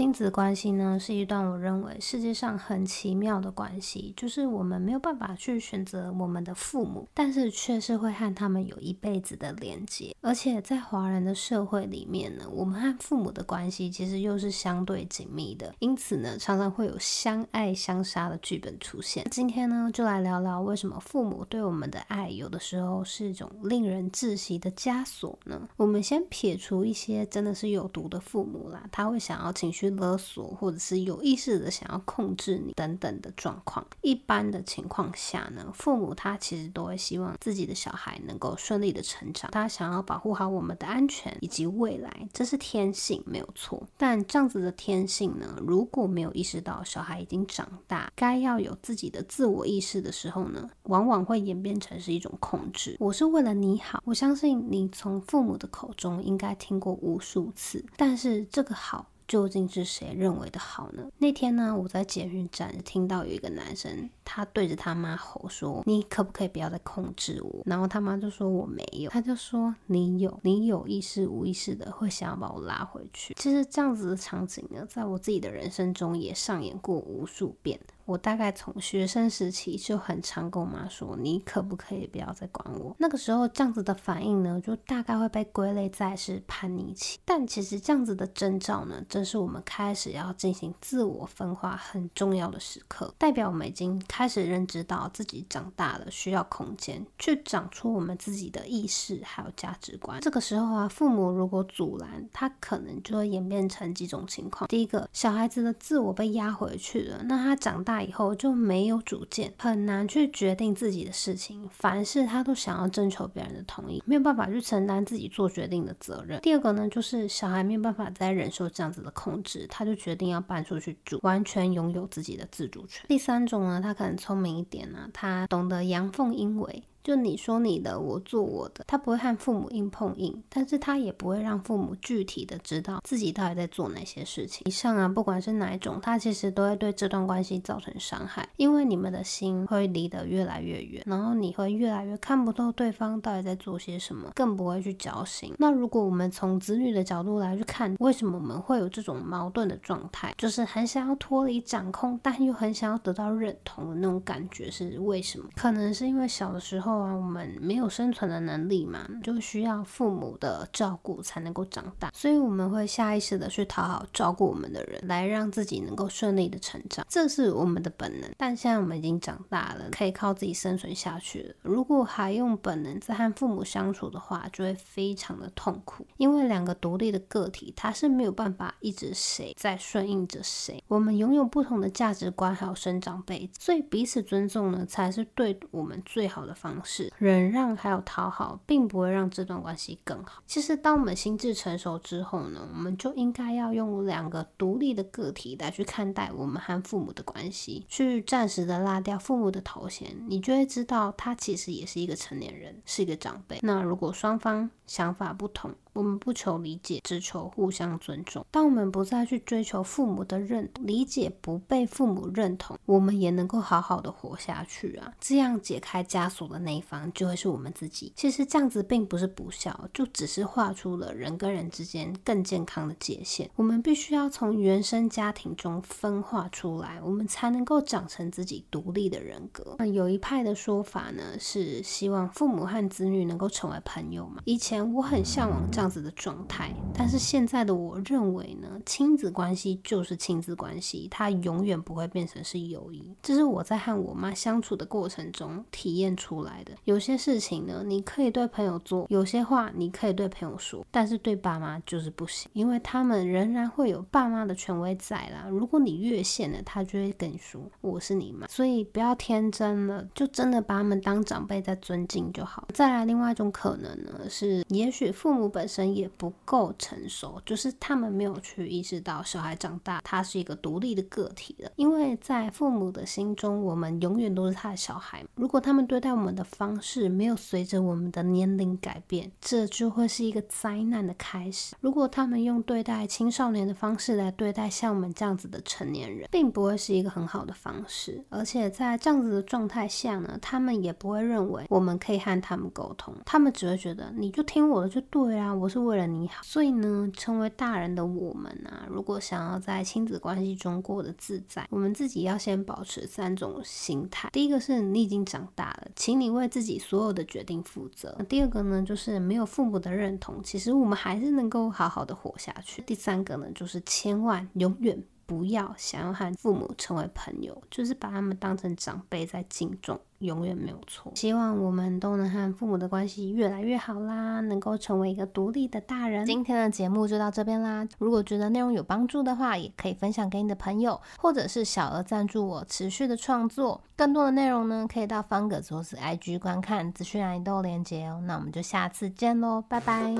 親子關係呢，是一段我認為世界上很奇妙的關係，就是我們沒有辦法去選擇我們的父母，但是卻是會和他們有一輩子的連接。而且在華人的社會裡面呢，我們和父母的關係其實又是相對緊密的，因此呢，常常會有相愛相殺的劇本出現。今天呢，就來聊聊為什麼父母對我們的愛有的時候是一種令人窒息的枷鎖呢？我們先撇除一些真的是有毒的父母啦，他會想要情緒。勒索，或者是有意識的想要控制你等等的狀況。一般的情況下呢，父母他其實都會希望自己的小孩能夠順利的成長，他想要保護好我們的安全以及未來，這是天性，沒有錯。但這樣子的天性呢，如果沒有意識到小孩已經長大，該要有自己的自我意識的時候呢，往往會演變成是一種控制。我是為了你好，我相信你從父母的口中應該聽過無數次，但是這個好。究竟是誰認為的好呢？那天呢，我在捷運站聽到有一個男生，他對着他媽吼說：“你可不可以不要再控制我？”然後他媽就說：“我沒有。”他就說：“你有，你有意識無意識的會想要把我拉回去。”其實這樣子的場景呢，在我自己的人生中也上演過無數遍。我大概從學生時期就很常跟我媽說：“你可不可以不要再管我？”那個時候這樣子的反應呢，就大概會被歸類在是叛逆期。但其實這樣子的徵兆呢，正是我們開始要進行自我分化很重要的時刻，代表我們已經開始認知到自己長大了，需要空間去長出我們自己的意識還有價值觀。這個時候啊，父母如果阻攔，他可能就會演變成幾種情況：第一個，小孩子的自我被壓回去了，那他長大。以後就沒有主見，很難去決定自己的事情，凡事他都想要徵求別人的同意，沒有辦法去承擔自己做決定的責任。第二個呢，就是小孩沒有辦法再忍受這樣子的控制，他就決定要搬出去住，完全擁有自己的自主權。第三種呢，他可能聰明一點呢、啊，他懂得陽奉陰違。就你說你的，我做我的，他不會和父母硬碰硬，但是他也不會讓父母具體的知道自己到底在做哪些事情。以上啊，不管是哪一種，他其實都會對這段關係造成傷害，因為你們的心會離得越來越遠，然後你會越來越看不透對方到底在做些什麼，更不會去交心。那如果我們從子女的角度來去看，為什麼我們會有這種矛盾的狀態，就是很想要脫離掌控，但又很想要得到認同的那種感覺是為什麼？可能是因為小的時候。我們沒有生存的能力嘛，就需要父母的照顧才能夠長大，所以我們會下意識的去討好照顧我們的人，來讓自己能夠順利的成長，這是我們的本能。但現在我們已經長大了，可以靠自己生存下去了。如果還用本能在和父母相處的話，就會非常的痛苦，因為兩個獨立的個體，他是沒有辦法一直誰在順應着誰。我們擁有不同的價值觀還有生長背景，所以彼此尊重呢，才是對我們最好的方式。是忍讓還有討好，並不會讓這段關係更好。其實，當我們心智成熟之後呢，我們就應該要用兩個獨立的個體來去看待我們和父母的關係，去暫時的拉掉父母的頭銜，你就會知道他其實也是一個成年人，是一個長輩。那如果雙方想法不同，我們不求理解，只求互相尊重。當我們不再去追求父母的認，理解不被父母認同，我們也能夠好好的活下去啊！這樣解開枷鎖的那一方，就會是我們自己。其實這樣子並不是不孝，就只是畫出了人跟人之間更健康的界限。我們必須要從原生家庭中分化出來，我們才能夠長成自己獨立的人格。那有一派的說法呢，是希望父母和子女能夠成為朋友嘛，以前我很向往這樣子的狀態，但是現在的我認為呢，親子關係就是親子關係，它永遠不會變成是友誼。這是我在和我媽相處的過程中體驗出來的。有些事情呢，你可以對朋友做，有些話你可以對朋友說，但是對爸媽就是不行，因為他們仍然會有爸媽的權威在啦。如果你越線了，他就會跟你說：“我是你媽。”所以不要天真了，就真的把他們當長輩在尊敬就好。再來，另外一種可能呢，是也許父母本。也不夠成熟，就是他們沒有去意識到，小孩長大他是一個獨立的個體了。因為在父母的心中，我們永遠都是他的小孩。如果他們對待我們的方式沒有隨着我們的年齡改變，這就會是一個災難的開始。如果他們用對待青少年的方式來對待像我們這樣子的成年人，並不會是一個很好的方式。而且在這樣子的狀態下呢，他們也不會認為我們可以和他們溝通，他們只會覺得你就聽我的就對了啊。我是為了你好，所以呢，成為大人的我們啊，如果想要在親子關係中過得自在，我們自己要先保持三種心態。第一個是，你已經長大了，請你為自己所有的決定負責。第二個呢，就是沒有父母的認同，其實我們還是能夠好好的活下去。第三個呢，就是千萬永遠。不要想要和父母成為朋友，就是把他們當成長輩在敬重，永遠沒有錯。希望我們都能和父母的關係越來越好啦，能夠成為一個獨立的大人。今天的節目就到這邊啦，如果覺得內容有幫助的話，也可以分享給你的朋友，或者是小額贊助我持續的創作。更多的內容呢，可以到方格子或 IG 觀看資訊，愛豆連結哦。那我們就下次見嘍，拜拜。